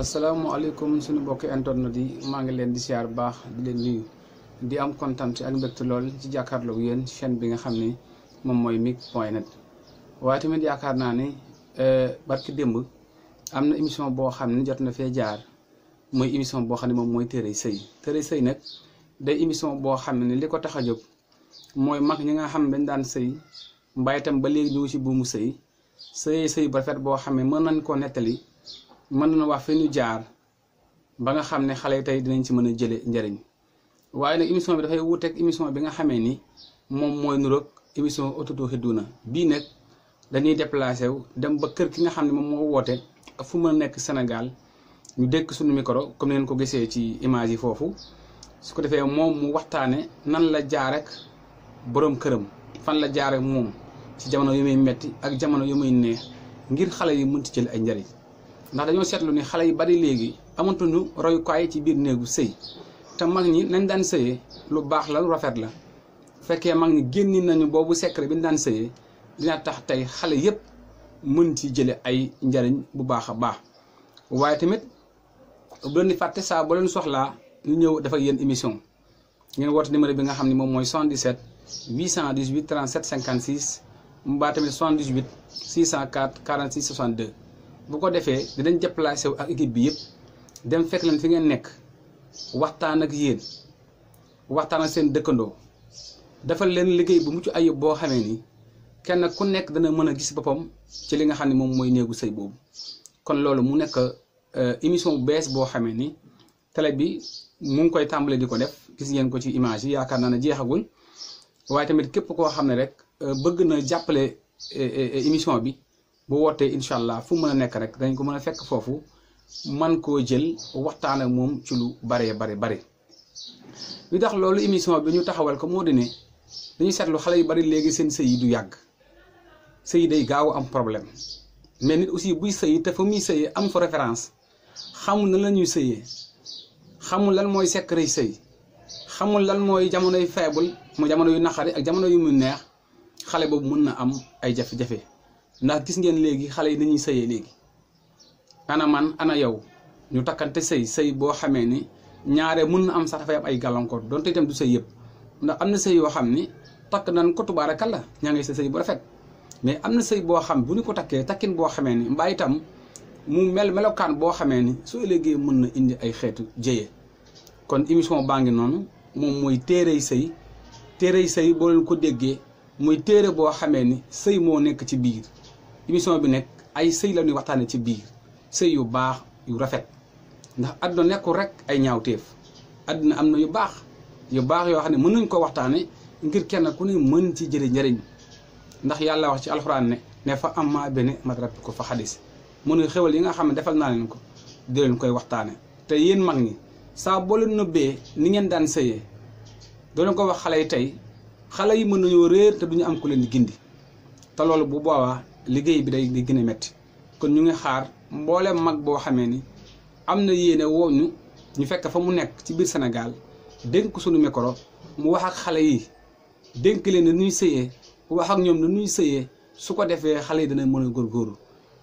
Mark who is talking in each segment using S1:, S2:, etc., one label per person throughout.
S1: asalaamaaleykum suñu mbokki internet yi maa ngi leen di siyaar bu baax di leen nuyu di am kontaan ci ak mbégte lool ci jàkkaarloog yéen chaîne bi nga xam ni moom mooy mik point net waaye tamit yaakaar naa ni euh, barki démb am na émission boo xam ne jot na fee jaar muy émission boo xam ne moom mooy téere sëy téere sëy nag day émission boo xam ne li ko tax a jóg mooy mag ñi nga xam ne dañ daan sëy mbay itam ba léegi ñu ngi ci buumu sëy sëyee sëy ba rafet boo xam ne mën nañ koo nettali. mën na wax fi ñu jaar ba nga xam ne xale yi tey dinañ si mën a jële njëriñ waaye nag émission bi dafay wuuteeg émission bi nga xamee ni moom mooy nuroog émission Autotouxiduuna bii nag dañuy déplacé wu dem ba kër ki nga xam ne moom moo woote ak fu mën a nekk senegal ñu dékk suñu micro comme ni ngeen ko gisee ci image yi foofu su ko defee moom mu waxtaane nan la jaar ak boroom këram fan la jaar ak moom ci jamono yu muy metti ak jamono yu muy neex ngir xale yi mën ci ay njëriñ ndax dañu sétlu ni xalé yu bari légui roy ko ay ci biir neegu sey ta mag ñi nañ dan sey lu bax la lu rafet la fekke mag ñi genn nañu bobu secret bi dan sey dina tax tay xalé yépp mën ci jëlé ay njariñ bu baax a baax waaye tamit bu leen di fàtte sa boo leen soxla ñu ñëw def ak yéen émission ngeen wot numéro bi nga xamni mom moy mooy 77 818 37 56 mbaa tamit 78 604 46 62 bu ko defee dinañ déplacé wu ak équipe bi yëpp dem fekk leen fi ngeen nekk waxtaan ak yéen waxtaan ak seen dëkkandoo defal leen liggéey bu mucc ayib boo xamee ni kenn ku nekk dana mën a gis boppam ci li nga xam ne moom mooy néegu sëy boobu. kon loolu mu nekk euh, émission bu bees boo xamee ni télé bi mu ngi koy tàmbalee di ko def gis ngeen ko ci image yi yaakaar naa ne jeexagul waaye tamit képp koo xam ne rek euh, bëgg na jàppale euh, émission bi. bu wootee incha allah fu mën a nekk rek dañ ko mën a fekk foofu man koo jël waxtaan ak moom ci lu baree bari bari li tax loolu émission bi ñu taxawal ko moo di ne dañuy seetlu xale yu bari léegi seen sëy yi du yàgg sëy day gaaw am problème mais nit aussi buy sëy te fa muy sëyee am fa référence xamul na la ñuy sëyee xamul lan mooy secret sëy xamul lan mooy jamonoy faible mu jamono yu naqari ak jamono yu muy neex xale boobu mun na am ay jafe-jafe. ndax gis ngeen léegi xale yi dañuy sëyee léegi ana man ana yow ñu takkante sëy sëy boo xamee ni ñaare mun na am sax dafay am ay gàllankoor donte itam du sëy yëpp ndax am na sëy yoo xam ni takk nan ko la ñaa ngi sa sëy bu rafet mais am na sëy boo xam bu ñu ko takkee takkin boo xamee ni mbaa itam mu mel melokaan boo xamee ni soo ëllëgee mën na indi ay xeetu jëye kon émission baa ngi noonu moom mooy téerey sëy téerey sëy boo ko déggee muy téere boo xamee ni sëy moo nekk ci biir émission bi nekk ay sëy lañuy waxtaane ci biir sëy yu baax yu rafet ndax àdduna nekkul rek ay ñaawteef àdduna am na yu baax yu baax yoo xam ne mën nañ ko waxtaane ngir kenn ku ne mën ci jële njëriñ ndax yàlla wax ci alxuraan ne ne fa amma bene matrat ko fa xadis mu ne xewal yi nga xam ne defal naa leen ko di leen koy waxtaane te yéen mag ñi saa boo leen nëbbee ni ngeen daan sëyee doo leen ko wax xale yi tey xale yi mën nañoo réer te duñu am ku leen di gindi liggéey bi day day gën a kon ñu ngi xaar mbooleem mag boo xamee ni am na yéene woo ñu ñu fekk fa mu nekk ci biir senegal dénk suñu micro mu wax ak xale yi dénk leen nu ñuy sëyee wax ak ñoom nu ñuy sëyee su ko defee xale yi dana mën a góorgóorlu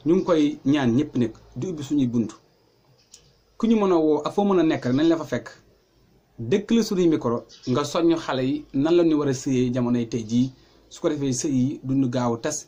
S1: ñu ngi koy ñaan ñëpp nekk di ubbi suñuy bunt ku ñu mën a woo ak foo mën a nekk rek nañ la fa fekk dëkk la suñuy micro nga soññ xale yi nan la ñu war a sëyee jamonoy tey jii su ko defee sëy yi duñu gaaw a tas